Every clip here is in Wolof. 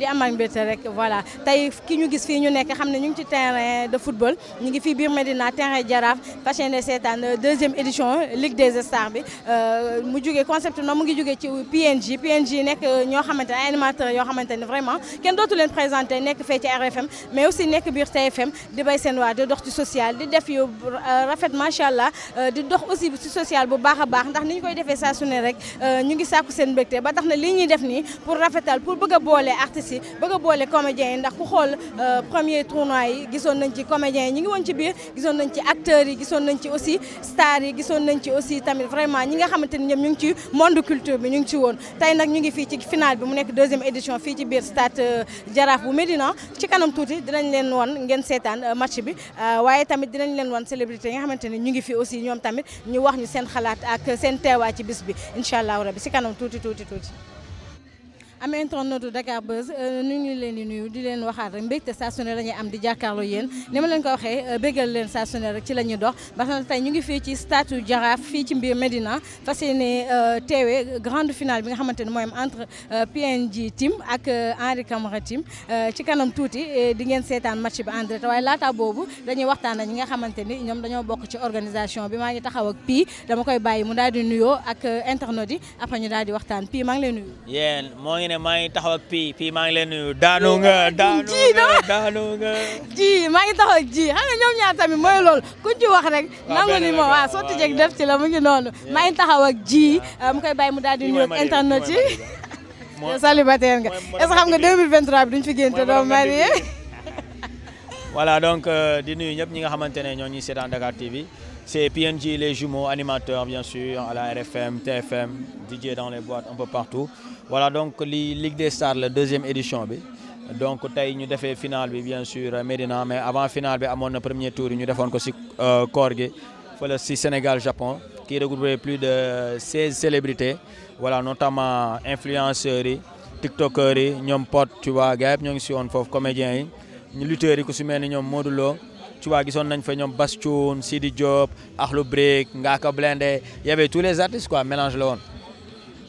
di amal mbégte rek voilà tey ki ñu gis fii ñu nekk xam ne ñu ngi ci terrain de football ñu ngi fii biir Medina terrain Jaraaf fas yéene seetaan euh, deuxième édition Ligue des Stars bi euh, mu jógee concept na mu ngi jógee ci PNG PNG nekk euh, ñoo xamante ne animateurs yoo xamante ne vraiment kenn dootu leen présenté nekk fee ci RFM mais aussi nekk biir TFM di bay seen waa di dox ci social di def yu rafet macha allah di dox aussi ci social bu baax a baax ndax ni ñu koy defee saa su rek ñu ngi sàkku seen mbégte ba tax na lii ñuy def nii si bëgg a boole comédiens yi ndax ku xool euh, premier tournoi yi gisoon nañ ci comédiens ñi ngi woon ci biir gisoon nañ ci acteur yi gisoon nañ ci aussi stars yi gisoon nañ ci aussi tamit vraiment ñi nga xamante ni ñoom ñu ngi ci monde culture bi ngi ci woon tey nag ñu ngi fii ci finale bi mu nekk deuxième édition fii ci biir stade euh, Jaraaf bu Médina ci kanam tuuti dinañ leen wan ngeen seetaan euh, match bi waaye tamit dinañ leen wan célébrité nga xamante ni ñu ngi fi aussi ñoom tamit ñu wax ñu seen xalaat ak seen teewaay ci bis bi incha allahu rabi si kanam tuuti tuuti tuuti am internet Dakar Buzz nu euh, ñu leen di nuyu di leen waxaat rek mbégte saa su ne am di jàkkaarloo yéen ni ma leen ko waxee euh, béggal leen saa su ne ci la ñuy dox ba tey ñu ngi fii ci stade Jaraaf fii ci mbir Médina fas yéene euh, teewee grande finale bi nga xamante ne mooy am entre PNG team ak Henri Camara team ci kanam tuuti di ngeen seetaan match bi en direct waaye laata boobu dañuy waxtaan ak ñi nga xamante ni ñoom dañoo bokk ci organisation bi maa ngi taxaw ak Pii dama koy bàyyi mu daal di nuyoo ak internet yi après ñu daal di waxtaan Pii maa ngi lay nuyu ne maa ngi taxaw ak pii pii maa ngi leen nuyu daanu nga daanu nga daanu nga ji maa ngi taxaw ak ji xam nga ñoom ñaar tamit mooy loolu ku ci wax rek nangu ni moom waaw sotti jeg def ci la mu ngi noonu maa ngi taxaw ak ji uh, mu koy bàyyi mu daal di nuyu internet yi yow célibataire nga est ga que xam nga 2023 bi duñ fi génn te doo marié wala donc euh, di nuyu ñëpp ñi nga xamante ne ñoo ñuy seetaan Dakar TV C'est PNJ, les jumeaux, animateurs bien sûr, à la RFM, TFM, DJ dans les boîtes, un peu partout. Voilà donc li Ligue des Stars la deuxième édition bi donc tey ñu defee finale bi bien sûr Médina mais avant finale bi amoon na premier tour yi ñu defoon ko si euh, koor gi fële si Sénégal Japon qui regroupait plus de seize célébrités voilà notamment influenceurs yi tiktokers yi ñoom pot tu vois gars yëpp ñoo ngi si woon foofu comédiens yi lutteurs yi ku si mel ni ñoom Modou Lo tu vois gisoon nañ fa ñoom Bastion Sidi Diop Akhlou Brick Ngaaka Blindé y avait tous les artistes quoi mélange la woon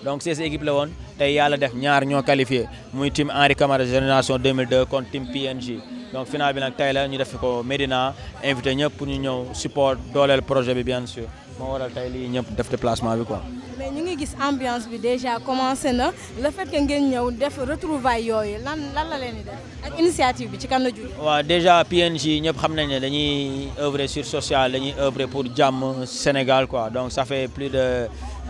donc ces équipes la woon tey yàlla def ñaar ñoo qualifié muy team Henri Camara génération 2002 contre team PNG donc final bi nag tey la ñu def ko Médina invité ñëpp pour ñu ñëw support dooleel projet bi bien sûr moo waral tey lii ñëpp def déplacement bi quoi. mais ñu ngi gis ambiance bi déjà commencé na le fait que ngeen ñëw def retrouvailles yooyu lan lan la leen di def ak initiative bi ci kan la jur. waaw déjà PNJ ñëpp xam nañ ne dañuy œuvrer sur social dañuy œuvrer pour jàmm Sénégal quoi donc ça fait plus de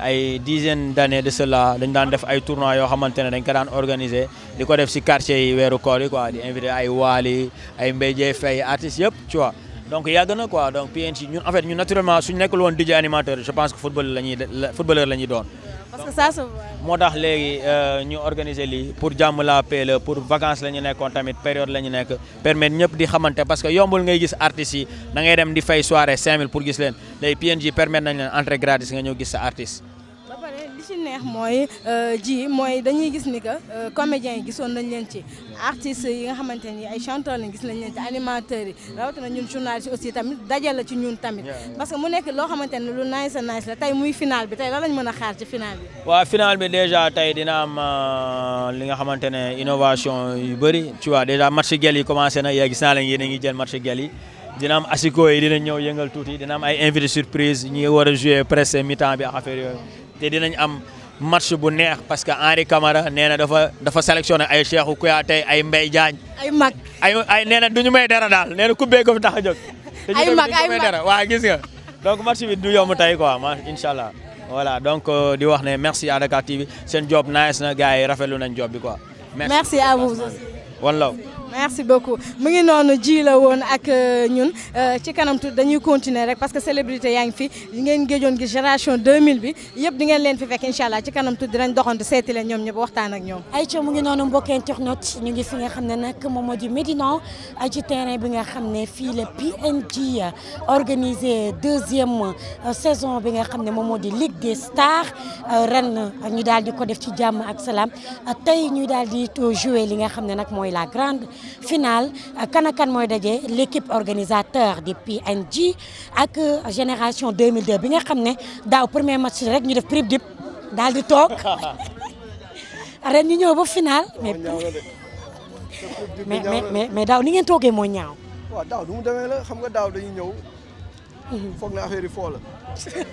ay dizaine d'années de cela dañ daan def ay tournois yoo xamante ne dañ ko daan organiser di ko def ci quartier yi weeru koor yi quoi di inviter ay Waly ay Mbaye Dièye donc yàgg na quoi donc PNC ñun en fait ñun naturellement suñu nekkul woon DJ animateur je pense que football la ñuy footballeur la doon. parce que ça moo tax léegi euh, ñu organiser li pour jàmm la paix pour vacances la ñu nekkoon tamit période la ñu nekk permettre ñëpp di xamante parce que yombul ngay gis artistes yi da ngay dem di fay soirée 5000 pour gis leen léegi PNJ permettre nañ leen entrée gratis nga ñëw gis sa artiste. neex mooy euh, ji mooy dañuy gis ni que euh, comédiens yi gisoon nañ leen ci artistes yi nga xamante ni ay chanteurs gis nañ leen ci animateurs yi rawatina ñun journalistes yi aussi tamit daje la ci ñun tamit parce que mu nekk loo xamante ni lu nice a nice la tey muy final bi tey lan lañ mën a xaar ci final bi waaw final bi déjà tey dina euh, li nga xamante ne innovation yu bëri tu vois déjà match gel yi commencé na yaa gis naa leen yéen a ngi jël match gel yi dina am asiko yi dina ñëw yëngal tuuti dina am ay invité surprise ñi war a jouer presse mi-temps bi ak match bu neex parce que Henri Camara nee na dafa dafa sélectionné ay Cheikhou Kouyaté ay Mbaye ay mag ay ay nee na du ñu may dara daal nee na ku bee ko tax a jóg. ay mag ay mag dara waaw gis nga. donc match bi du yomb tey quoi ma incha allah voilà donc euh, di wax ne merci à Dakar TV seen job nice na gars yi rafetlu nañ job bi merci à vous aussi. merci beaucoup mu ngi noonu ji la woon ak euh, ñun euh, ci kanam tuuti dañuy continuer rek parce que célébrité yaa ngi fi ngeen géejoon gi génération 2000 bi yëpp di ngeen leen fi fekk incha allah ci kanam tuuti dinañ doxantu seeti leen ñoom ñëpp waxtaan ak ñoom. ayca mu xam ne nag moom moo di Médina ci terrain bi nga xam ne fii la PNG organisé deuxième euh, saison bi nga xam ne moom moo di Ligue des Stars ren ñu daal ko def ci jàmm ak salaam tey ñu daal di jouer li nga xam ne nag mooy la grande. finale euh, kan ak kan mooy daje l'équipe organisateur di PNG ak euh, génération 2002 bi nga xam ne daaw premier match rek ñu def prib dip daal di toog ren ñu ñëw ba final mais mais mais daaw ni ngeen toogee moo ñaaw. daaw du mu demee la xam nga daaw dañuy ñëw. foog na affaire yi foo la.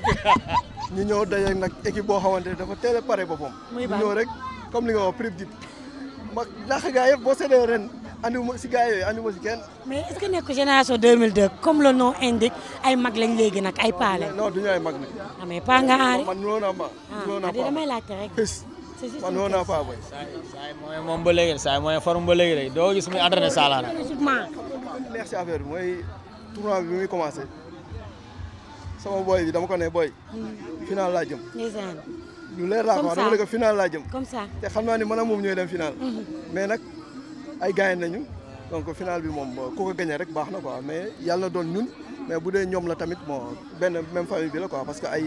ñu ñëw daje nag équipe boo xamante ne dafa teel a pare ñu ñëw rek comme li nga wax dip ma ndax gaa yëpp boo seetee andiwuma si gars yooyu andiwuma si kenn. mais est ce que nekk génération 2002 comme le nom indique ay mag lañ léegi nag ay paa lañ. non du ñu ay mag nag. ah mais paa nga aari. man noonu la paa. ah, ah damay laajte rek. man noonu la paa booy. saa yi saa yi mooy moom ba léegi saa yi mooy forme ba léegi rek doo gis muy entraîné Salah nag. neex si affaire bi mooy tournoi bi muy commencé sama boy bi dama ko ne boy. Hmm. final laa jëm. ñu leer laa ko wax dama ne ko final laa jëm. comme ça te xam naa ne man ak moom ñooy dem final. Hmm. mais nag. ay gars nañu donc finale bi moom ku ko gagné rek baax na ko mais yàlla na doon ñun mais bu dee ñoom la tamit moo benn même famille bi la ko parce que ay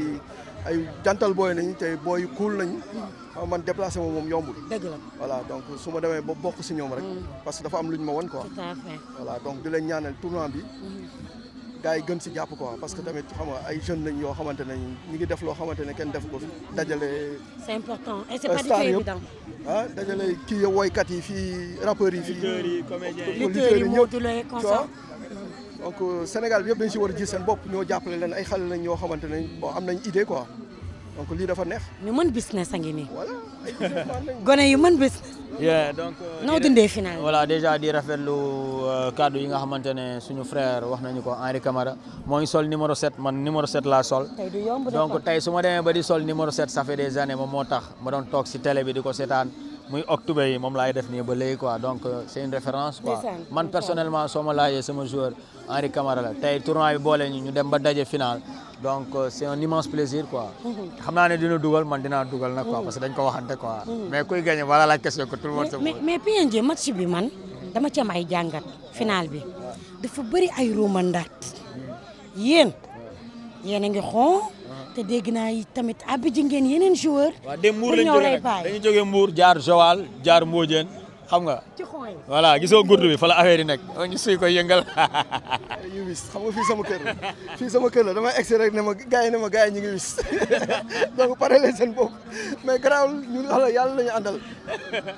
ay jantal booy nañu te booy cool nañu xam ah, man déplacé moom moom yombul. dëgg la voilà donc su ma demee ba bokk si ñoom rek. Mm. parce que dafa am lu ñu ma won ko tout à fait voilà donc di leen ñaanal tournoi bi. Mm-hmm. gars yi gën si jàpp quoi parce que tamit xam nga ay jeunes lañ yoo xamante ne ñu ngi def loo xamante kenn def ko dajale. c'est important et c'est euh, pas du tout évident. ah dajale kii woykat yi fii rappeurs yi. fii lutteurs yi comédiens yi lutteurs yi modules donc euh, Sénégal yëpp dañ si war a gis seen bopp ñoo jàppale leen ay xale lañ yoo xamante ne bon am nañ idée quoi donc lii dafa neex. ñu mën business a ngi nii. voilà gone yu mën business. yeah donc euh, noo dundee déjà di rafetlu euh, kaddu yi nga xamante ne suñu frère wax nañu ko Henri Camara moo ngi sol numéro 7 man numéro 7 la sol. donc tey su ma demee ba di sol numéro 7 ça fait des années moom moo tax ma doon toog si télé bi di ko seetaan. muy octobre yi moom laay def nii ba léegi quoi donc euh, c' est une référence quoi man personnellement soo ma laajee sama joueur Henri Camara la tey tournoi bi boole ñu ñu dem ba daje final donc euh, c' est un immense quoi. Mm-hmm. xam naa ne dina dugal man dinaa dugal nag quoi mm-hmm. parce que dañ ko waxante quoi. Mm-hmm. mais kuy gagné voilà la question que tout le monde se pose. mais bi man dama ci am ay jàngat final bi dafa bëri ay romandaat yéen yéen a ngi te dégg naa tamit abbi ji ngeen yeneen joueur waaw dem Mbour lañ jógee dañu jógee jaar Joal jaar Mbodiène xam nga voilà gisoo gurdu bi fa la affaire yi nekk oh, ñu suy koy yëngal yu wis xam nga sama kër la fii sama kër la damay egsi rek ne ma gars yi ne ma gars yi ñu ngi wis donc pare leen seen mais garaawul ñu xala yàlla la ñu àndal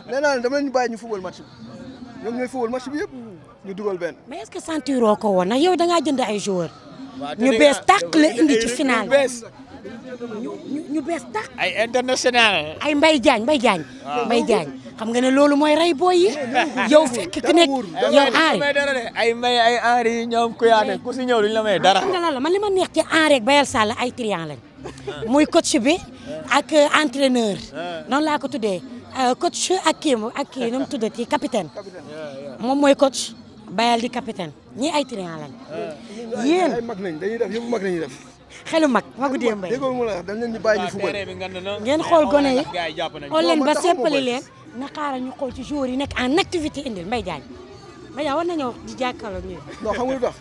nee naa dama leen bàyyi ñu football match bi ñoom ñooy football match bi yëpp dugal benn mais est-ce que sentiroo ko woon nag yow da ngaa jënd ay joueurs ñu bees tàq la indi ci final ñu bees tax. ay international. ay mbay Diagne Mbaye Diagne. Mbaye Diagne xam nga ne loolu mooy rey booy yi. yow fekk ku yow aar ay mbay ay aar yi ñoom kuyaate ku si ñëw duñ la may dara. xam nga lan li ma neex ci aar rek Bayal Sall ay triant lañ muy coach bi ak euh, entraîneur ah. noonu laa ko tuddee euh, coach ak kii ak kii nu mu tuddati capitaine moom mooy coach Bayal di capitaine ñii ay triant lañ ah. yéen ay mag nañ dañuy def yëpp mag nañuy def. xelu mag magu démb yi dañ leen ñu bàyyi ñu ah, fubal ngeen xool gone yi ah, xool leen ba seppali leen na xaaral ñu xool ci jour yi nekk en activité indil Mbaye Diagne Mbaye Diagne war nañoo wax di jàkkaarloo ñu non xam nga lu tax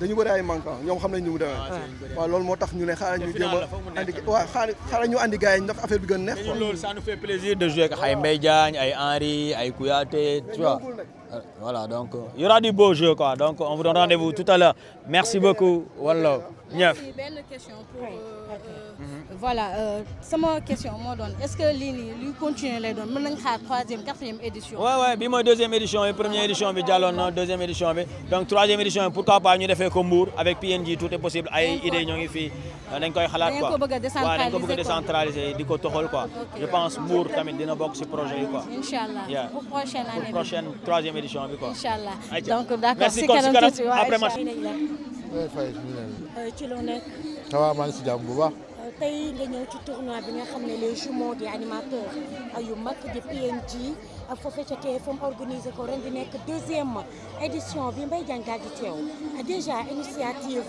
dañu bëri ay manquant ñoom xam nañ ni mu demee ah, waaw loolu moo tax ñu ne xaaral ñu jéem a andi waaw xaaral ñu andi gars yi ndax affaire bi gën neex loolu ça nous fait plaisir de jouer ak ay Mbaye Diagne ay Henri ay Kouyaté tu vois euh, voilà donc euh, il y aura du beau jeu quoi donc on vous donne rendez-vous tout à l'heure merci beaucoup wala ñaar benn question pour euh, voilà euh, sama question moo doon est-ce que lii nii luy lay doon mën nañ xaar troisième quatrième édition. waaw waaw bi mooy deuxième édition bi première édition bi jàlloon na deuxième édition bi donc troisième édition bi pourquoi pas ñu defee ko Mbour avec PNJ tout est possible ay idées ñoo ngi fii koy xalaat quoi waaw dañ ko bëgg a décentraliser di ko toxal quoi je pense Mbour tamit dina bokk projet yi quoi. bi pour prochaine troisième édition bi quoi. incha allah donc d'accord si kanam après match. Euh, si jàmm bu baax. tey nga ñëw ci tournoi bi nga xam ne les jumeaux des animateurs yu di PNG foofee ca TFM organisé ko ren di nekk deuxième édition bi Mbaye Diagne di teew déjà initiative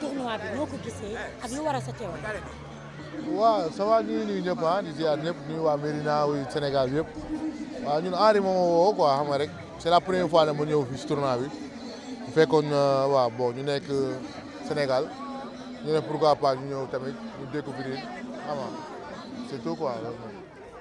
tournoi bi ñoo ko gisee ak lu war sa teew. waaw ça va ñu ngi nuyu ñëpp ah di ñëpp nuyu waa Mérina wu Sénégal yëpp waaw la première fois nag bu fekkoon euh, waaw bon ñu nekk euh, Sénégal. ñu ne pourquoi pas ñu ñëw tamit ñu découvrir xam nga c'est tout quoi loolu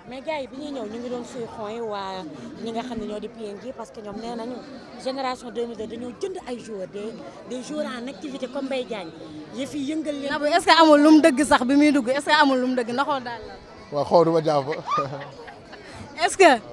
mais yi bi ñuy ñëw ñu ngi doon suy xooy waa ñi nga xam ne ñoo di PNG parce que ñoom nee nañu génération 2002 dañoo jënd ay joueurs des des joueurs en activité comme Mbaye Diagne yëf yi yëngal leen. Nabou est-ce que amul lu mu dëgg sax bi muy dugg est-ce que amul lu mu dëgg ndaxoo daal la. waaw xaw ma duma jàpp. est que.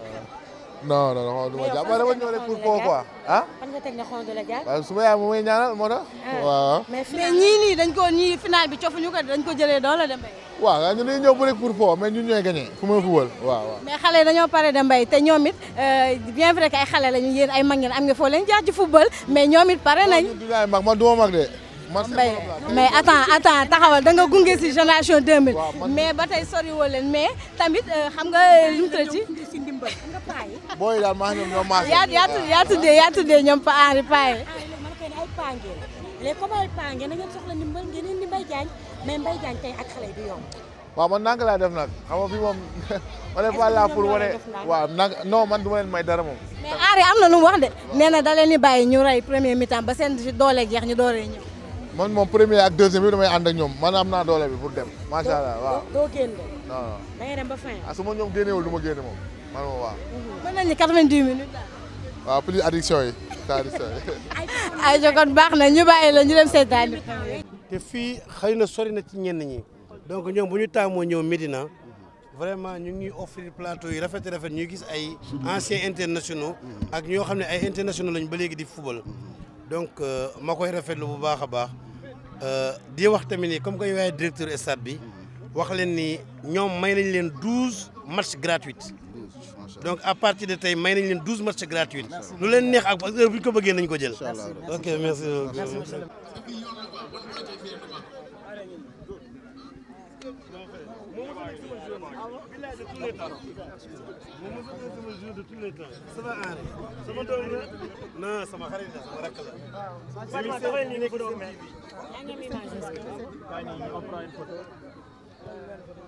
non non non du ma jàpp dama ñëw rek pour foo quoi ah. fan nga teg ne xool du la jàpp. waaw su ma yaay moom mooy ñaanal moo tax. Ah. waaw mais ñii nii dañ ko ñii final bi cofuñu ko dañ ko jëlee doole de mbay. waaw ñu dañuy ñëw rek pour foo mais ñun ñooy gagné fu ma fuwal waaw waaw. mais xale dañoo pare de mbay te ñoom it euh, bien vrai que ay xale lañu yéen ay mag ngeen am nga foo leen jaar ci football mais ñoom it pare nañ. du ay mag man du ma mag de. mbay mais attends attends taxawal da nga gunge si génération 2000. mais ba tey soriwoo leen mais tamit euh, xam nga lim tëdd ci. booy daal maa ngi ñoom maa. yaa yaa tuddee yaa ñoom Pa Henri Paye. Ah, man man nang laa def nag xam nga fi moom. on est pas là pour non man du ma leen may dara moom. mais Henri am na lu wax de. nee na da leen di bàyyi ñu rey premier mi ba seen doole jeex ñu dooree ñëw. man moom premier ak deuxième bi damay ànd ak ñoom man am naa doole bi pour dem. macha allah waaw doo doo de. non non da ngay dem ba fin. ah ma ñoom génneewul du ma génne moom man moom waaw. mën nañu minutes waaw plus addiction yi addiction yi. ay kon baax na ñu bàyyi yi ñu dem seetaan. te fii xëy na sori na ci ñenn ñi donc ñoom bu ñu taamoo ñëw Médina vraiment ñu ngi offrir plateau yi rafet rafet ñuy gis ay anciens internationaux ak ñoo xam ne ay internationaux lañ ba léegi di football donc euh, ma koy rafetlu bu baax a baax euh, di wax tamit ni comme que yow yaay directeur stade bi wax leen ni ñoom may nañ leen douze matchs gratuits. donc à partir de tey may nañ leen douze matchs gratuits lu leen neex ak heure bu ko bëggee nañ ko jël ok merci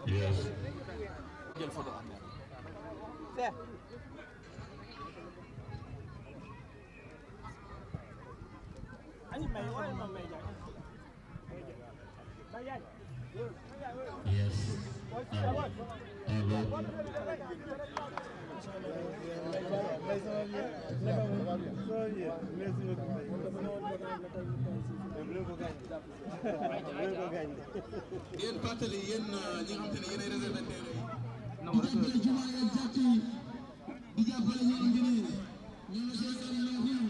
Yes. There. Yes. Yéen fàttali yéen ah, ñi nga xam te ne yéen ay réservataires di jàppale ñoo xam ne ñoo la seetaan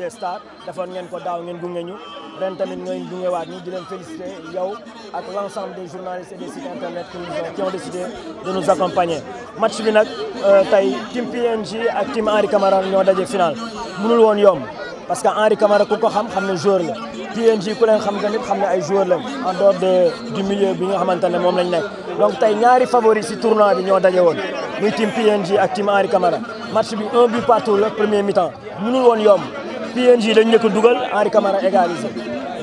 des stars defoon ngeen ko daaw ngeen gungee ñu ren tamit ngeen gungewaat ñu di leen félicité yow ak l' ensemble des journalistes et des sites internet qui ont décidé de nous accompagner. match bi nag euh, tey team PNG ak team Henri Camara ñoo daje final mënul woon yomb parce que Henri Camara ku ko xam xam ne joueur la PNG ku leen xam tamit xam ne ay joueur lañ en dehors de du bi nga xamante ne moom lañ nekk. donc tey ñaari favori si tournoi bi ñoo daje woon muy tim PNG ak team Henri Camara match bi un but woon yomb. PNJ dañ njëkk dugal Henri Camara égalisé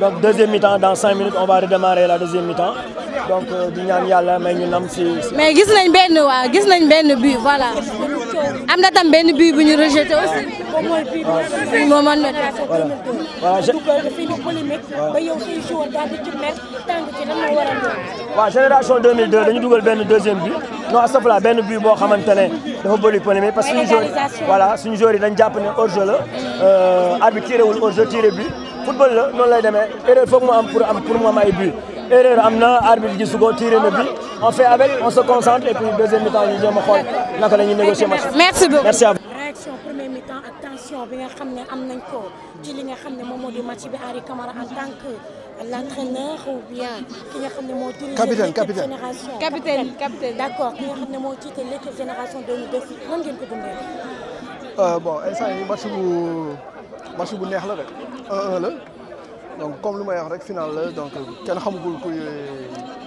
donc deuxième mi-temps dans cinq minutes on va redémarrer la deuxième mi-temps donc euh, di ñaan yàlla may ñu nam si. mais gis nañ benn waa gis nañ benn but voilà am na tam benn but bu ñu rejeté aussi. moom man ma voilà voilà je. waaw génération 2002 dañu dugal benn deuxième but. non astafurlah benn but boo xamante ne dafa bëri polémique parce que suñu joueur voilà suñu joueur yi dañ la euh, arbitre tiré wul hors jeu tiré but football la noonu lay demee erreur foog mu am pour mu am ay but erreur am na arbitre gisu ko tiré na but on fait avec on se concentre et puis deuxième mi-temps ñu jéem a xool naka la négocier match merci merci à xam ne am nañ l'entraîneur ou bien ki nga xam ne moo tudd. capitaine capitaine capitaine capitaine. d'accord ki nga xam ne moo jiite l'équipe génération 2002 nan ngeen ko dundee. Euh, bon instant yii match bu match bu neex la rek 1-1 la donc comme lu may wax rek final la donc ken xamagul kuy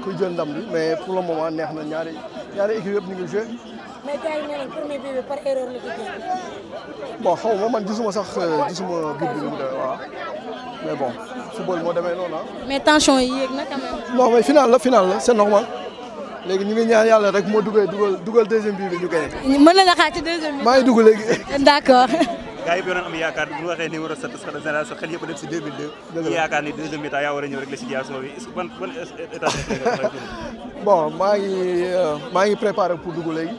kuy jël ndam bi mais pour le moment neex na ñaari ñaari équipe yëpp ñu ngi mais gars yi nee nañ premier bii bi par erreur la ko jël. bon xaw ma man football moo demee noonu mais tension yi yéeg na quand même. non mais final la final la c'est normal. léegi ñu ngi ñaan yàlla rek moo dugal dugal dugal deuxième bii bi ñu koy. mën na la maa ngi dugg léegi. d'accord. gars yi bi doon am yaakaar bu ñu waxee numéro 7 parce que yëpp a dem si 2002. dëgg la yaakaar ni deuxième a ñëw rek la situation bi bon maa maa ngi préparé pour dugg léegi.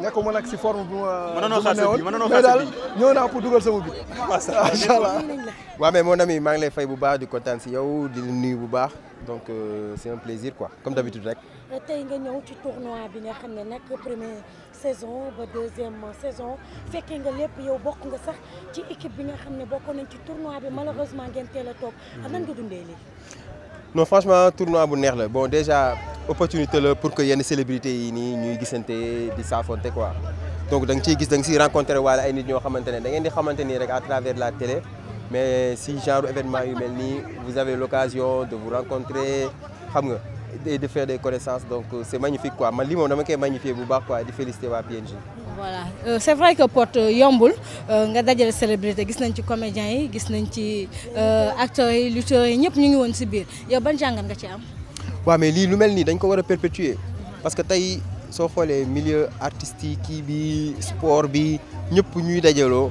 nekkuma nag si forme bu ma. mënoonoo xaar sa bi mënoonoo xaar sa bi mais daal ñëw naa pour dugal sama bi. macha allah waaw mais mon ami maa ngi lay fay bu baax di kontaan si yow di nuyu bu baax donc euh, c' est un plaisir quoi ci tournoi bi nga xam ne nag première saison ba deuxième saison fekkee nga lépp yow bokk nga sax ci équipe bi nga xam ne bokkoon nañ ci tournoi bi malheureusement ngeen teel a nan nga dundee lii. non franchement tournoi bu neex la bon déjà opportunité la pour que yenn célébrité yi nii ñuy gisante di saafonte quoi donc da nga ciy gis dang nga siy rencontré waale ay nit ñoo xamante ne da ngeen di xamante nii rek à travers la télé mais si genre événement yu mel ni vous avez l'occasion de vous rencontrer xam nga et de faire des connaissances donc c'est magnifique quoi man lii moom dama koy magnifier bu baax quoi di féliciter waa PNJ voilà euh, c'est vrai que Pod yombul euh, nga dajale célébrité gis nañ ci comédiens yi gis nañ ci euh, acteurs yi lutteurs yi ñëpp ñu ngi woon si biir yow ban jàngat nga ci am. waa mais lii lu mel nii dañ ko war a perpétuer parce que tey soo xoolee milieu artistique bii sport bi ñëpp ñuy dajaloo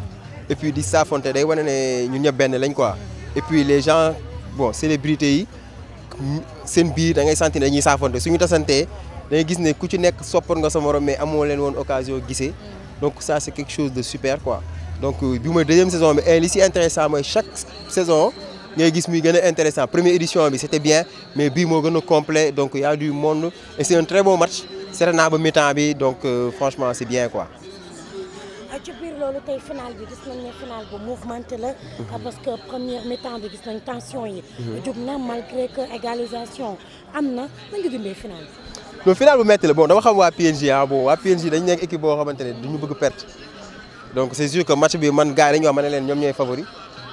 et puis di saafonte day wane ne ñun ñëpp benn lañ quoi et puis les gens bon célébrité yi seen biir da ngay sentir dañuy saafonte suñu tasantee. dangay gis ne ku ci nekk soppoon nga sa morom mais amoo leen woon occasion gisee mm. donc ça c'est quelque chose de super quoi donc euh, bi mooy deuxième saison bi li si intéressant mooy chaque saison ngay gis muy gën a intéressant première édition bi c'était bien mais bi moo gën a complet donc il a du monde et c'est un ba mi-temps bi donc euh, franchement c'est bien quoi. Ah, ci biir loolu tey final bi la. Mm-hmm. Ah, parce que première mi bi gis nañ tension yi. Mm-hmm. jub na malgré que égalisation am na nga dundee final bi. loolu final bu metti la bon dama xam waa PNG ah bon waa PNG dañu nekk équipe boo xamante ne duñu bëgg perte donc c' est sûr match bi man gars leen ñoom ñooy favori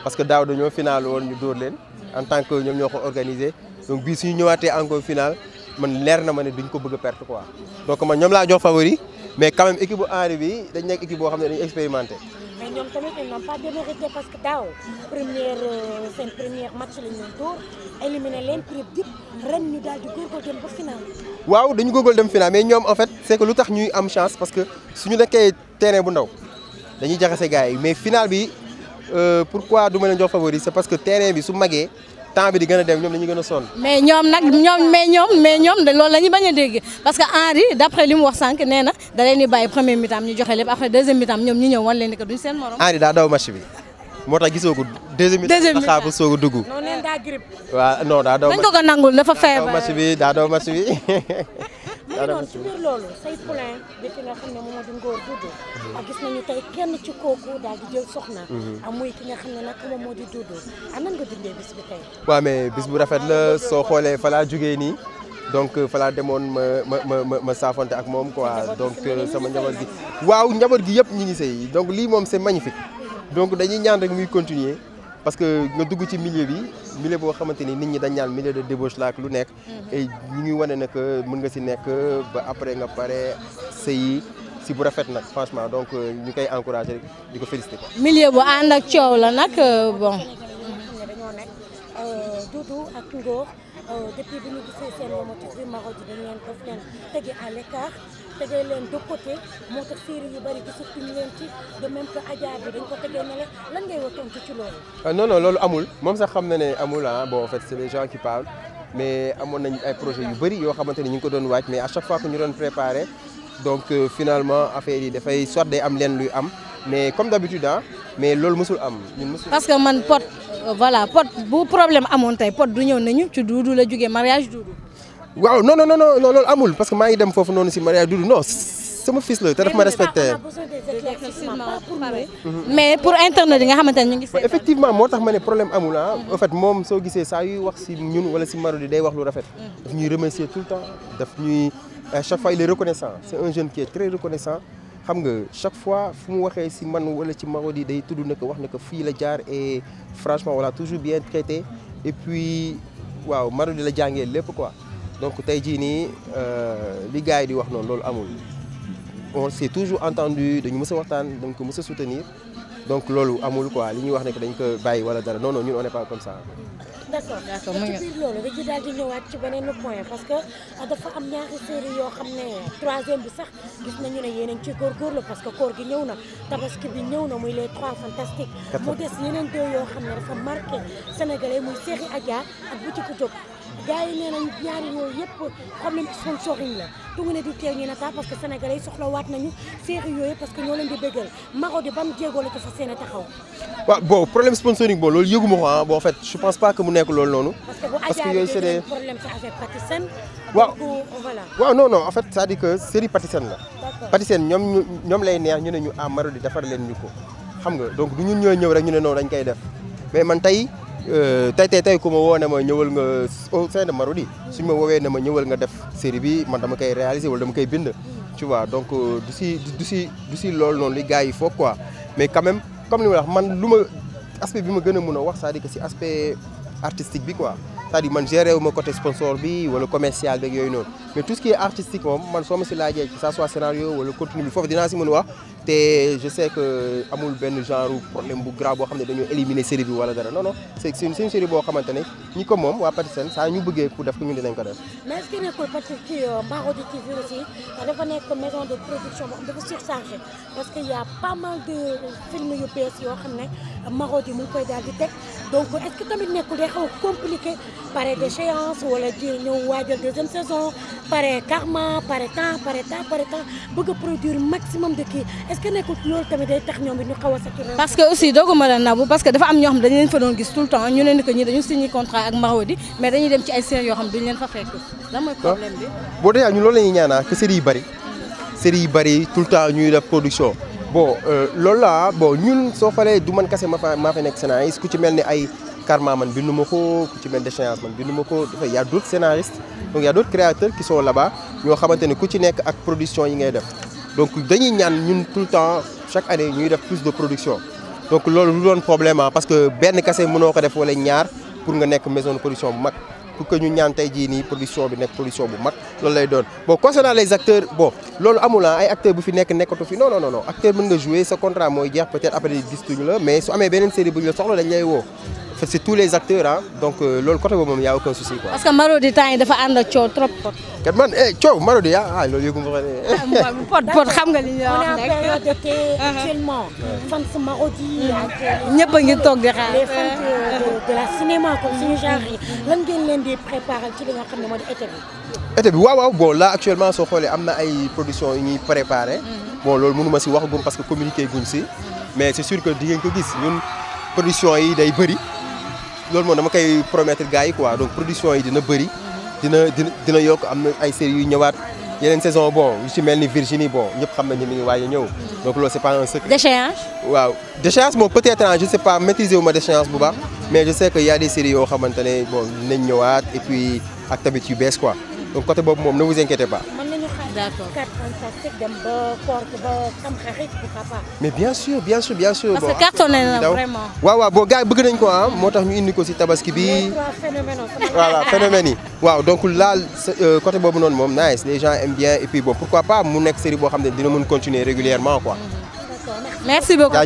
parce que daaw ñoo final woon ñu dóor leen en tant que ñoom ñoo ko organisé donc bii suñu ñëwaatee encore final man leer na ma ne duñ ko bëgg perte quoi donc man ñoom laa jox favori mais quand même équipe bu Henry bi dañ nekk équipe boo xam ne dañu expérimenté ñoom tamit ils n'ont pas démérité euh, dem ba mais ñoom en fait c'est lu tax ñuy am chance parce que suñu nekkee terrain bu ndaw dañuy jaxase gars yi mais final bi pour euh, pourquoi du ma leen jox favori c'est parce que terrain bi su magee. temps di gën dem ñoom dañuy gën a sonn. mais ñoom nag ñoom mais la ñu bañ a parce que Henri d' après li mu wax sànq nee na premier mi-temps ñu joxe lépp après deuxième ñoom ñu ñëw wan leen ni que duñ seen morom. Henri daa daw match moo tax gisoo ko. deuxième mi-temps la non daa daw. nañ dara say poulain bi ki nga xam dudd mm-hmm. ak ah, gis nañu tey kenn ci kooku daal di jël soxna am mm-hmm. ah, ki nga xam ne nag moom di dudd am ah, nan dundee bis bi tey waaw mais bis bu rafet la soo xoolee falaa jugee nii donc euh, falaa demoon ma ma ma ma saafonte ak moom quoi donc sama njaboot gi euh, waaw njaboot gi yëpp ñi ngi sëy donc lii moom c'est fi donc dañuy ñaan rek muy continuer parce que nga dugg ci milieu bi milieu boo xamante ni nit ñi dañ ñaan milieu de débauche la ak lu nekk. Mm-hmm. ñu ngi wane nag que mën nga si nekk ba après nga pare sëyi si bu rafet nag franchement donc euh, ñu koy encouragé di ko félicité ko. milieu bu ànd ak coow la nag euh, bon. Doudou ak Ngor euh, depuis bi ñu gisee seen moom moo bi Marodi dañ leen def tege à l'écart tegee leen de côté moo tax série yu bëri gisatuñu leen ci de même que Adja bi dañ ko tegee ne la lan euh, amul moom sax xam na ne amul ah bon en mais amoon nañ ay projet yu bëri yoo xamante ni ñu ko doon waaj mais à chaque fois que ñu doon préparé donc euh, finalement affaire yi dafay soit day am leen luy am mais comme d'habitude ah mais loolu mësul am. ñun mësul parce que man pot. voilà Pod bu problème amoon tey Pod du ñëw nañu ci Doudou la jógee mariage Doudou. waaw non non non loolu amul parce que maa ngi dem foofu noonu si mariage Doudou non sama fils la te daf ma respecté. mais pour internet yi nga xamante ne ñu ngi. effectivement moo tax ma ne problème amul ah. en fait moom soo gisee saa yuy wax si ñun wala si Marodi day wax lu rafet. daf ñuy remercier tout le temps daf ñuy à chaque fois il c'est un jeune qui est très xam nga chaque fois fu mu waxee si man wala ci Marodi day tudd na ko wax na ko fii la jaar et franchement voilà toujours bien traité et puis waaw Marodi la jàngee lépp quoi donc tey jii nii euh, li gars yi di wax noonu loolu amul on s'est toujours entendu dañu mës a waxtaan dañ ko mës a soutenir donc loolu amul quoi li ñuy wax ne que dañ ko bàyyi wala dara non non ñun on n'est pas comme ça d'accord d'accord mu ngi ci biir loolu dañuy daal di ñëwaat ci beneen point parce que ah, dafa am ñaari série yoo xam ne troisième bi sax gis nañu ne yeneen ci góorgóorlu parce que koor gi ñëw na tabaski bi ñëw na muy les trois fantastiques mu des yeneen deux yoo xam ne dafa marqué sénégalais muy Cheikh Adja ak bu ci ko gars yi nee nañ ñaari yooyu yëpp problème sponsoring la tungu di teew ñu nataal parce que sénégalais yi soxlawaat nañu série yooyu parce que ñoo leen di bëggal Marodi ba mu jéego la ci fas yéene taxaw. waaw bon problème sponsoring bon loolu yëgu ma ko ah bon je pense pas que mu nekk loolu noonu. parce que yooyu c'est des problème sa affaire Patisen. waaw voilà. fait c'est-à-dire que série Patisen la. d'accord Patisen ñoom ñoom lay neex ñu ne ñu ah di defar leen ñu ko. xam nga donc du ñun ñooy ñëw rek ñu ne noonu dañ koy def Euh, tey tey tey ku ma woo ne ma ñëwal nga au sein de Marodi suñ ma woowee ne ma ñëwal nga def série bi man dama koy réalisé wala dama koy bind tu vois donc euh, du si du si du si loolu noonu li gars yi foog quoi mais quand comme li ma wax man lu ma aspect bi ma gën a mun a wax c'est-à-dire si aspect artistique bi quoi cest à man géré ma côté sponsor bi wala commercial beeg yooyu noonu mais tout ce qui est artistique moom man soo si laajee que soit scénario wala contenu bi foofu dinaa si mën a wax te je sais que amul benn genre problème bu grave boo xam ne dañoo éliminer série bi wala dara non non c'est boo xamante ne ñi ko moom waa Patisen saa ñu bëggee ku def ko ñun dinañ ko def. mais est-ce que nekkul parce que TV aussi euh, dafa nekk maison de production boo xam dafa surchargé parce que y a pas mal de films yu yoo xam ne. Marodi mu ngi koy daal di teg donc est que tamit nekkul day xaw compliqué pare déchéance wala ji ñëw waajal deuxième saison pare karma pare temps pare temps pare temps bëgg a produire maximum de kii est que a saturé parce que aussi dooguma la nabu parce que dafa am ñoo xam dañu fa doon gis tout le temps ñu leen ni que ñi dañu ak Marodi mais dañuy dem ci ay séries yoo xam duñu leen fa fekk lan mooy problème bi boo dee ñu loolu la ñuy ñaanaa que séries yi bëri séries yi bëri production bon euh, loolu la bon ñun soo xoolee du man kase ma fa ma fa nekk scénariste ku ci mel ni ay Karma man bindu ma ko ku ci mel déchéance man bindu ma ko dafa y' a d' autres scénaristes donc y' a d' autres créateurs ñoo xamante ku ci nekk ak production yi ngay def donc dañuy ñaan ñun tout le temps chaque année ñuy def plus de production donc loolu lu doon problème ah, parce que benn kase mënoo ko def wala ñaar pour nga nekk maison de production bu mag. pour que ñu ñaan tey jii nii production bi nekk production bu mag loolu lay doon bon concernant les acteurs loolu amula ah, ay acteurs bu fi nekk nekkatu fi non non non acteur mën nga jouer sa contrat mooy jeex peut-être après gistuñu la mais su amee beneen série bu ñu la soxla dañ lay woo c'est tous les acteurs ah donc euh, loolu côté boobu moom y' a aucun souci quoi. parce que Marodi i yi dafa ànd ak coow trop. kat man eh coow Marodi ah ah loolu yëpp nga xam ne. pot pot xam nga li ñuy wax nag. on a ah, ah. mm. euh, ñëpp a toog di xaar. les ah, de la cinéma mm. mm. bi. été bi waaw waaw bon là actuellement soo xoolee am na ay production yu ñuy préparé. bon loolu mënu ma si wax gum parce que communiqué guñ si. mais c'est sûr que di ngeen ko gis ñun production yi day bëri. loolu moom dama koy promettre gars yi quoi donc production yi dina bëri dina dina dina yokk am na ay séries yu ñëwaat yeneen saison bon yu ci mel ni Virginie bo ñëpp xam nañu ni mi ngi waaj a ñëw donc loolu c' est pas un secret. déchéance. waaw déchéance moom peut-être ah, je sais pas maîtriser wu ma bu baax mais je yoo xamante ne bon dinañ ñëwaat et puis ak tamit yu bees quoi donc côté boobu moom ne vous inquiétez pas. d'accord carte fantastique bien sûr bien sûr bien sûr. parce que cartonné na vraiment. waaw waaw boo gars yi bëgg nañ ko ah moo tax ñu indi ko si tabaski bi. voilà phénomène yi. waaw donc laal côté boobu noonu moom nice les gens aiment bien et puis bon pourquoi pas mu nekk série boo xam ne dina mën continuer régulièrement quoi. merci beaucoup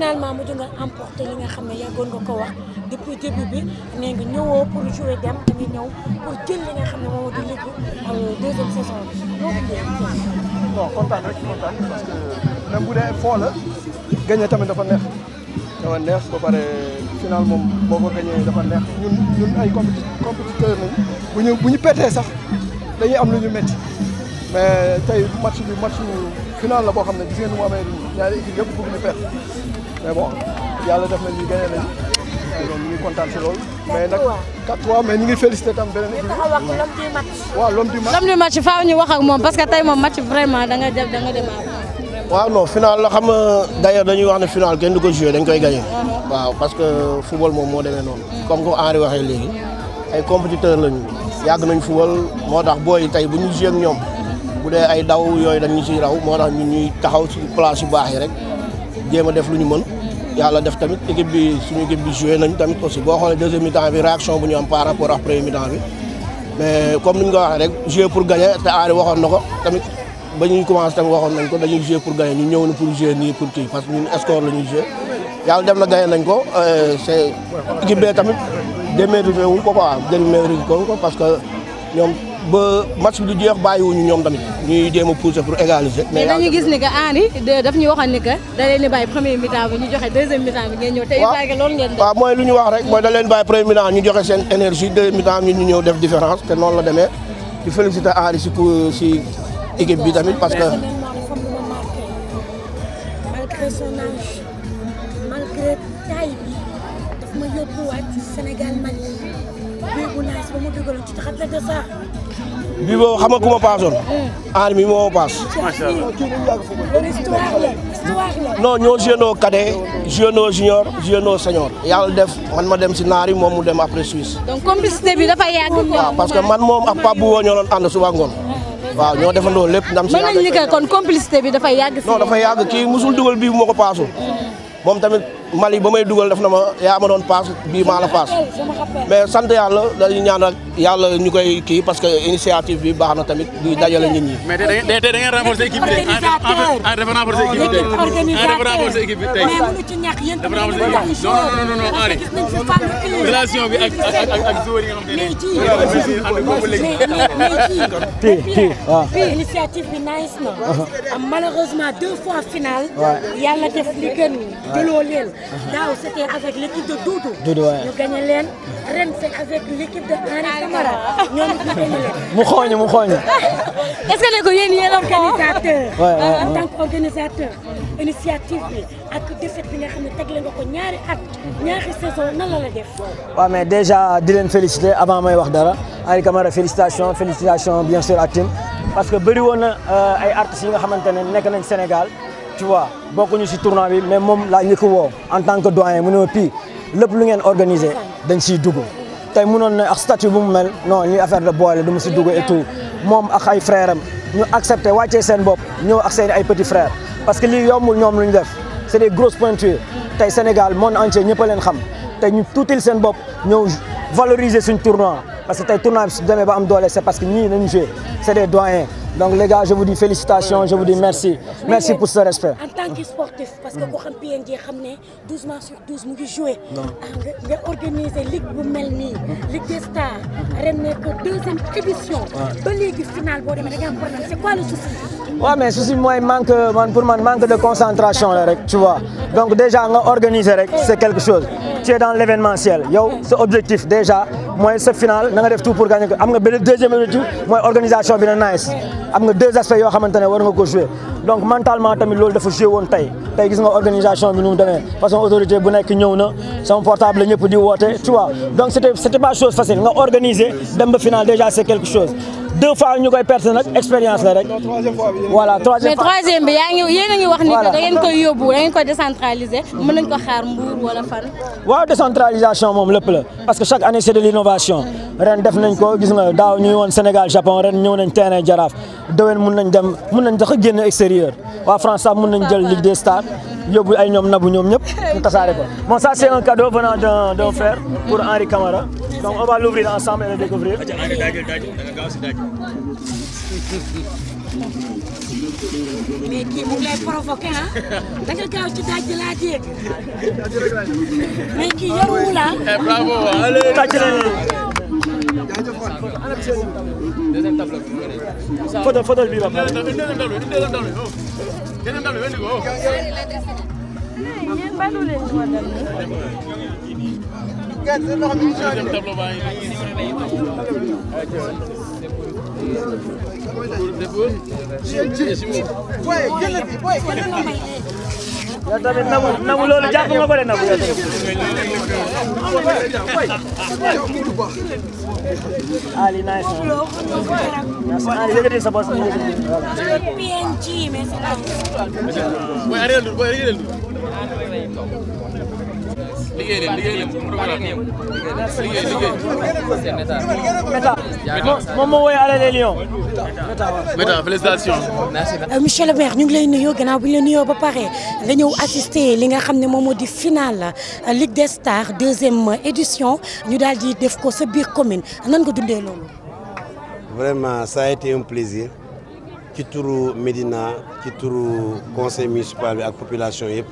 finalement mujj nga emporté li nga xam ne yàggoon nga ko wax depuis début bi nee nga ñëwoo pour jouer dem da nga ñëw pour jël li nga xam ne moom di ligg euh, deuxième saison bi moo parce que même bu dee foo la tamit dafa neex dafa neex ba pare final moom boo ko gagné dafa neex ñun ñun ay compéti compétiteur nañ bu ñu bu ñu sax dañuy am lu ñu métti mais tey match bi match final la boo xam ne gis ngeen ni mu amee ñaari équipe yàlla def na ñu gagné nañu kontaan si loolu. mais nag 4 mais ñu ngi félicité tam beneen équipe. waaw l'homme du match. l'homme du match wax ak moom parce que tey moom match vraiment da nga def da nga démarrer. waaw xam nga d'ailleurs dañuy wax ne final kenn du ko dañ koy gagné. waaw parce que football moom moo demee noonu. comme ko waxee léegi ay compétiteurs lañu yàgg nañ football moo tax booy tey bu ñu joué ñoom. bu dee ay daw yooyu dañu siy raw moo tax ñu ñuy taxaw si place yu baax yi rek jéem a def lu ñu mën yàlla def tamit équipe bi suñu équipe bi joué nañ tamit aussi boo xoolee deuxième mi-temps bi réaction bu ñu am par rapport ak premier mais comme ni ñu ko waxee rek joué pour gagner te waxoon na ko tamit ba ñuy commencé tamit waxoon nañ ko dañuy joué pour gagner ñu ñëw na pour joué nii pour kii parce que ñun score la ñuy joué yàlla dem nañ ko euh, c'est équipe bi tamit démérité wuñ ko quoi démérité ko parce que ñoom ba match bi du jeex bàyyiwuñu ñoom tamit ñuy jéem a pousser pour égaliser. mais dañu gis ni que Henry daf ñu waxoon ni que da leen di premier mi ñu joxe deuxième mi-temps bi ngeen ñëw. te loolu ngeen def. lu ñu wax rek mooy da leen bàyyi premier seen énergie deuxième mi-temps ñun ñu ñëw te noonu demee di féliciter Henry si si équipe bi tamit parce que. bi boobu xam nga ku ma paasoon. Mm. aar mi moo ma paas. macha allah. non ñoo jeunoo cadet jeunoo junior jeunoo senior. yàlla def man ma dem si naar yi moom mu dem après Suisse. donc bi dafa yàgg waaw parce que man moom a Pape Bouba ñoo doon ànd suba ngoon. waaw ñoo defandoo lépp ndam si. mën nañu bi dafa yàgg. non dafa yàgg kii musul dugal bii moo ko paasu mm. moom tamit. Mali ba may dugal def na ma yaa ma doon paas bii maa paas mais sant yàlla dañuy ñaan rek yàlla ñu koy kii parce que initiative bi baax na tamit di dajale nit ñi. mais tey da ngeen renforcer équipe bi de en bi de dafa renforcer fois finale yàlla def li gën delloo daaw c'était avec l'équipe de Doudou. Doudou waaye leen. ren avec l'équipe de Henri mu xooñu mu xooñu. est ne ko yéen yéen organisateur. en ak défaite bi nga xam ne tegle ñaari at. ñaari saison nan def. waaw mais déjà di leen féliciter avant may wax dara Henri Camara félicitations félicitations bien sûr ak team parce que bëri woon na euh, ay artistes yi nga xamante ne nekk nañ Sénégal. tu vois bokkuñu si tournoi bi mais moom laa ñu ko woo en tant que doyen mu ne ma pii lu ngeen organisé dañ siy dugg tey munoon na ak statut bu mu mel non ñuy affaire de boole du mu si dugg et tout moom ak ay frères am ñu accepté wàccee seen bopp ñëw ak seen ay petits frères parce que lii yombul ñoom lu ñu def c' est des grosses pointures tey Sénégal moon entier ñëpp leen xam tey ñu tuutil seen bopp ñëw valoriser suñ tournoi parce que tey tournoi bi su demee ba am doole c'est parce que ñii nañu joué c'est des doyens donc les je vous dis félicitations je vous dis merci pour ce respect. en tant que sportif parce que ko xam PNG xam sur 12 mu ngi joué. Ah, nga ligue mel nii. ligue des stars ren nekk deuxième édition. ba léegi final boo demee da nga am problème c'est quoi waaw mais souci mooy manque euh, man pour man manque de concentration la rek tu vois donc déjà nga organiser rek c'est quelque chose tu es dans l'événementiel yow sa objectif déjà mooy sa final na nga def tout pour gagner am nga benn deuxième objectif mooy organisation bi na nice am nga deux aspects yoo xamante ne war nga ko jouer donc mentalement tamit loolu dafa joué woon tey tey gis nga organisation bi nu mu demee façon autorité bu nekk na sama portable la di woote tu donc c'était c'était pas chose facile nga organiser dem final déjà c'est quelque chose deux ñu koy perte expérience la rek. voilà troisième bi yaa ngi wax ni koy yóbbu da ngeen koy décentraliser. mën nañ ko xaar Mbour wala fan. waaw décentralisation moom lépp la parce que chaque année c'est de l'innovation ren extérieur waa France sax mën nañ jël Ligue des Stars yóbbu ay ñoom nabu ñoom ñëpp ñu tasaare ko bon ça c'est un cadeau venant d'un d'un frère pour Henri donc on va l'ouvrir ensemble et le découvrir mais kii mu lay provoqué ah da nga gaaw ci daaj laa dégg deuxième tableau bi. foto foto bi ba pare. deuxième tableau yow tamit Nabou Nabou loolu jàpp nga ko de Nabou yow tamit. Ali nice man. Ali yëkkati sa bopp si yëkkati. liggéey leen liggéey leen. liggéey liggéey. moom moo woy Allez les Lions. Meta félicitations. merci. Euh, monsieur le maire ñu ngi lay nuyoo gannaaw bu ñu la nuyoo ba pare la ñëw assister li nga xam ne moom moo di finale euh, Ligue des Stars deuxième édition ñu daal di def ko sa biir commune nan nga dundee loolu. vraiment ça a été un plaisir ci turu Médina ci turu conseil municipal bi ak population yëpp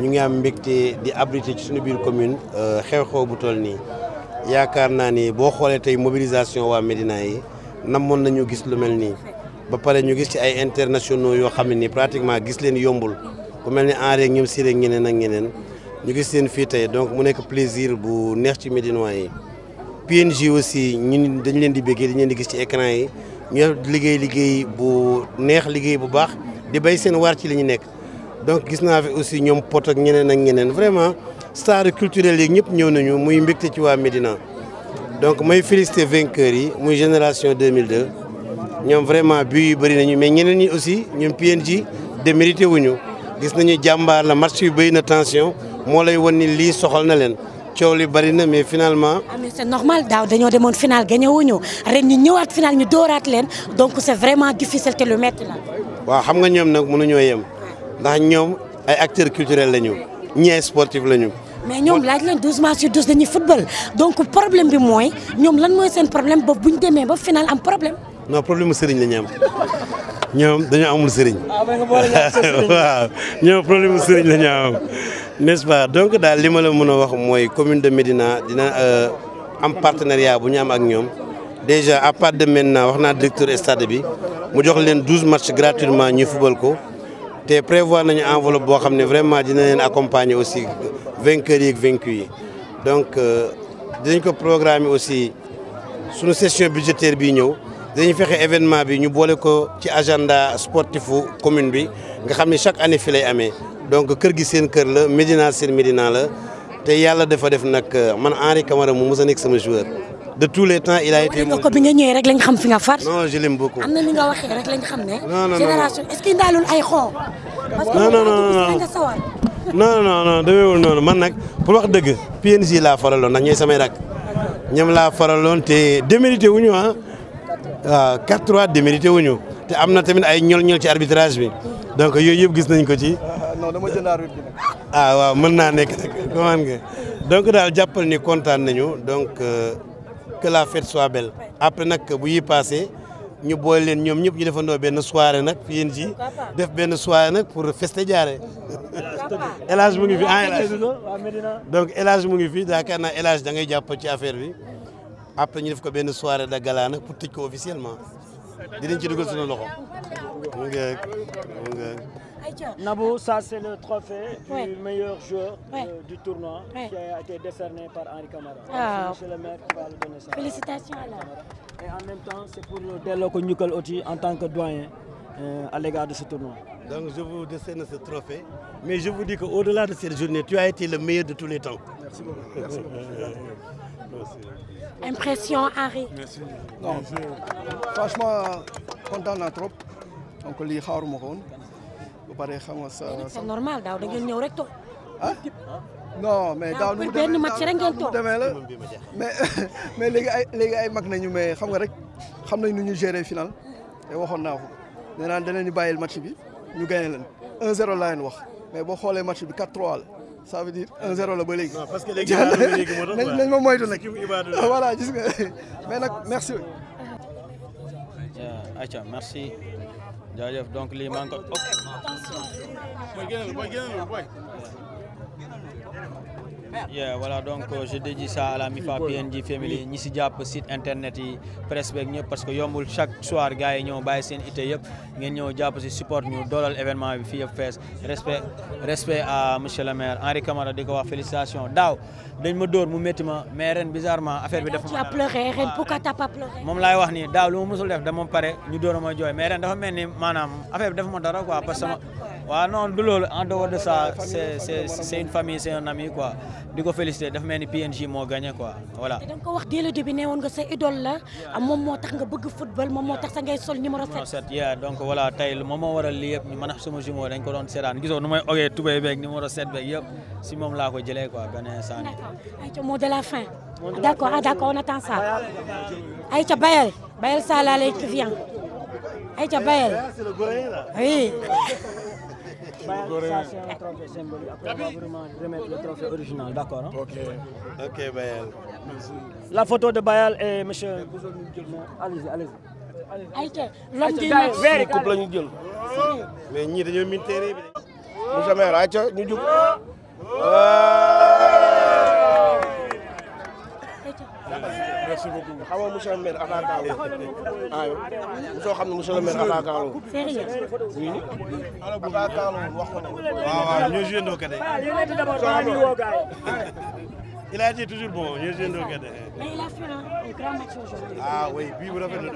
ñu ngi am mbégte di abriter ci suñu biir commune euh, xew-xew bu nii. yaakaar naa ni boo xoolee tey mobilisation waa Médina yi namoon nañu gis lu mel nii ba pare ñu gis ci ay internationaux yoo xam ne nii pratiquement gis leen yombul ku mel ni Henri ak ñoom si ak ñeneen ak ñeneen ñu gis leen fii tey donc mu nekk plaisir bu neex ci Médinois yi. PNG aussi ñun dañ leen di béggee dañ di gis ci écran yi ñu liggéey liggéey bu neex liggéey bu baax di béy seen waar ci li ñu nekk donc gis naa fi aussi ñoom pot ñeneen ak ñeneen vraiment. star culturel yi ñëpp ñëw nañu muy mbégte ci waa Médina donc may félicité vainqueurs yi muy génération 2002 ñoom vraiment but yu bëri nañu mais ñeneen ñi aussi ñoom PNG démérité wuñu gis nañu jàmbaar la match yu bëri na tension moo lay wan ni lii soxal na leen coow li bëri na mais finalement. Ah, mais c'est normal daaw dañoo demoon final gagné wuñu ren ñu ñëwaat final ñu dooraat leen donc c'est vraiment difficile te lu métti la. waaw xam nga ñoom nag mënuñoo yem ndax ñoom ay acteurs culturels lañu. ñee sportif lañu. mais ñoom laaj leen douze matchs sur douze dañuy football donc problème bi mooy ñoom lan mooy seen problème boobu bu ñu demee ba final am problème. non problème mu sëriñ la ñaam ñoom dañoo amul sëriñ. Ah, waaw ñoom problème mu la ñu n'est-ce donc daal li ma la mën a wax mooy commune de Médina dina euh, am partenariat bu ñu am ak ñoom déjà à part de maintenant wax naa directeur stade bi mu jox leen douze matchs gratuitement ñu football ko. te prévoir nañu enveloppe boo xam ne vraiment dina leen accompagner aussi vainqueurs yi ak vaincus yi donc euh, dinañ ko programme aussi suñu session budgétaire bii ñëw dinañ fexe événement bi ñu boole ko ci agenda sportifu commune bi nga xam ni chaque année fi lay amee donc kër gi seen kër la Médina seen Médina la te yàlla dafa def nag euh, man Henri Camara mu mës a nekk sama joueur de tous les temps il a été. wane nga ko bi nga ñëwee rek lañ xam fi nga far. non am na ni nga waxee rek lañ xam ne. génération est-ce que indaalul ay xoo. parce que non noonu man nag pour wax dëgg PNJ laa faraloon ndax ñooy samay rak ñoom laa faraloon te démérité wuñu ah waaw 4-3 démérité te am na tamit ay ñol-ñol ci arbitrage bi donc yooyu yëpp gis nañ ko ci. ah waaw mën naa nekk nag comment donc daal jàppal ni kontaan nañu donc. Euh, que la fête soit après nag bu yi passé ñu boole leen ñoom ñëpp ñu defandoo benn soir nag fi yéen ji def benn soirée nag pour feste jaare El Hadj mu ngi fi ah El donc El mu ngi fi yaakaar élage El da ngay jàpp ci affaire bi après ñu def ko benn soirée de gala nag pour tëj ko officiellement dinañ ci dugal suñu loxo. mu ngeeg c'est le trophée ouais. du meilleur joueur euh, ouais. euh, du tournoi qui a été décerné par Henri Camara. Ah. Monsieur le maire qui va le donner en tant que doyen euh, à l'égard de ce tournoi. Donc je vous décerne ce trophée mais je vous dis que au-delà de cette journée tu as été le meilleur de tous les temps. impression Henri. non franchement kontaan naa trop donc lii xaaruma ko woon ba pare xam nga sa. c'est normal daaw da ngeen ñëw rek toog. ah non mais daaw nu mu demee daaw nu mu demee la mais mais léegi ay léegi ay mag nañu mais xam nga rek xam nañ nu ñu gérer final te waxoon naa ko nee naa danañu bàyyil match bi ñu gagné leen 1-0 laa leen wax mais boo xoolee match bi 4-3 ça veut dire un zéro la ba léegi. non parce que léegi nañ ma moytu nag voilà gis nga mais nag merci. acca merci. jaajëf donc lii maa ngi ko. yeah voilà donc euh, je dédie ça à la MIFA PNG Family ñi si jàpp site internet yi presse beeg ñëpp parce que yombul chaque soir gars yi ñëw bàyyi seen ité yëpp ngeen ñëw jàpp si support ñu doolal événement bi fii yëpp fees respect respect à monsieur le maire Henri Camara di ko wax félicitation daaw dañ ma dóor mu métti ma mais ren bizarrement affaire bi def tu moom laay wax nii daaw mosul def dama pare ñu dóor ma jooy mais ren dafa mel ni maanaam affaire bi ma dara quoi parce que waaw non du loolu en dehors de ça c'est une famille se un ami quoi di ko félicité dafa mel ni PNG moo gagné quoi voilà. te ko wax dès le début ne woon nga sa idole la moom moo tax nga bëgg football moom moo tax sa ngay sol numéro 7. numéro 7 yeah donc voilà tey moom moo waral lii yëpp man ak sama dañ ko doon seetaan gisoo nu may ogee tubéy si moom laa ko jëlee quoi benn instant. d'accord ayca mot de la fin. d'accord ah d'accord on attend ça. ayca Bayel Bayel Sala lay vient ayca Bayel oui. Bayal, c'est un trophée symbolique. Après, on va vraiment remettre le trophée original, d'accord hein? Ok, ok Bayal. Merci. La photo de Bayal et monsieur. Allez-y, allez-y. Aïcha, l'homme du match. Weeri coupe la ñu jël. mais ñii dañoo miin terrain bi. Moussa Mère Aïcha ñu jug. merci beaucoup xam nga monsieur le maire attaquant la ah yow mosoo xam ne monsieur le maire attaquant la. sérieux oui. attaquant la wax ñoo joué ndoo kete. il a dit toujours ñoo joué ndoo kete. mais a